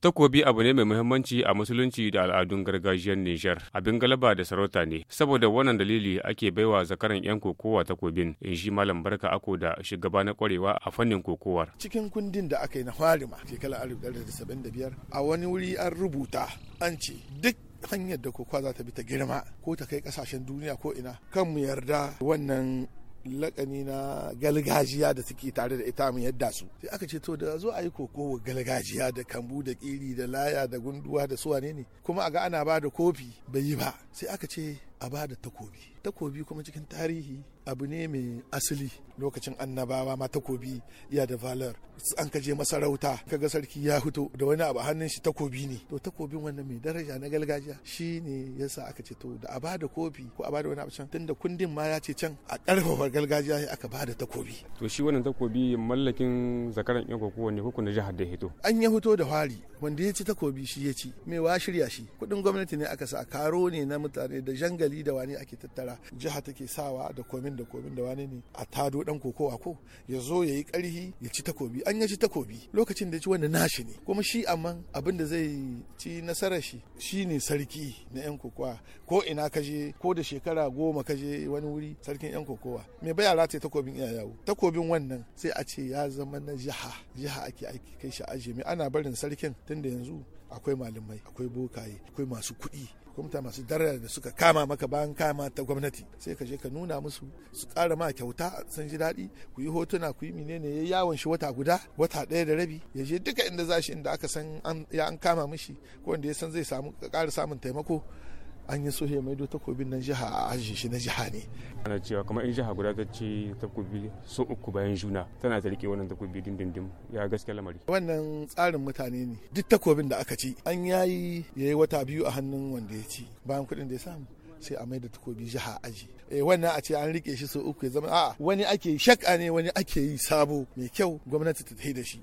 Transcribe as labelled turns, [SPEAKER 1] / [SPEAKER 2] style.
[SPEAKER 1] Takobi abu ne mai muhimmanci a musulunci da al'adun gargajiyar Nijar. Abin galaba da sarauta ne. Saboda wannan dalili ake baiwa zakaran 'yan kokowa takobin in shi Malam Barka Ako da shugaba na kwarewa a fannin kokowar.
[SPEAKER 2] Cikin kundin da aka yi na Farima shekarar 1975 a wani wuri an rubuta an ce duk hanyar da kokowa za ta bi ta girma ko ta kai kasashen duniya ko ina kan mu yarda wannan lakani na galgajiya da suke tare da ita mun yadda su sai aka ce to da zo a yi kokowa galgajiya da kambu da kiri da laya da gunduwa da suwane ne kuma aga ana ba da kofi bai yi ba sai aka ce a ba da takobi takobi kuma cikin tarihi abu ne mai asali lokacin annabawa ma takobi ya da valar an ka je masarauta kaga sarki ya fito da wani abu hannun shi takobi ne to takobin wannan mai daraja na gargajiya shi ne yasa aka ce to da a bada kofi ko a bada wani abu can tunda kundin ma ya ce can a karfafa gargajiya aka bada takobi
[SPEAKER 1] to shi wannan takobi mallakin zakaran yan koko ne ko na jihar da hito
[SPEAKER 2] an ya fito da hwari wanda ya ci takobi shi ya ci mai wa shirya shi kudin gwamnati ne aka sa karo ne na mutane da jangali da wani ake tattara yara jiha take sawa da komin da komin da wani ne a tado dan kokowa ko ya zo ya yi karhi ya ci takobi an ya ci takobi lokacin da ya ci wanda nashi ne kuma shi amma abin da zai ci nasarar shi ne sarki na yan kokowa ko ina kaje ko da shekara goma kaje wani wuri sarkin yan kokowa me baya rata takobin iya yawo takobin wannan sai a ce ya zama na jiha jiha ake aiki kai shi ajimi ana barin sarkin tunda yanzu akwai malamai akwai bokaye akwai masu kuɗi hukumta masu daraja da suka kama maka bayan kama ta gwamnati sai ka je ka nuna musu su ƙara ma kyauta sun ji daɗi ku yi hotuna ku yi menene ya yawon shi wata guda wata ɗaya da rabi ya je duka inda za shi inda aka san ya an kama mishi ko wanda ya san zai samu ƙara samun taimako an yi so ya maido takobin na jiha a ajiye shi na jiha ne
[SPEAKER 1] ana cewa kamar in jiha guda ta ce takobi so uku bayan juna tana ta rike wannan takobi dindindim ya gaske lamari
[SPEAKER 2] wannan tsarin mutane ne duk takobin da aka ci an yayi yi wata biyu a hannun wanda ya ci bayan kuɗin da ya samu sai a maida takobi jiha aji eh wannan a ce an rike shi so uku ya zama a'a wani ake shakka ne wani ake yi sabo mai kyau gwamnati ta da shi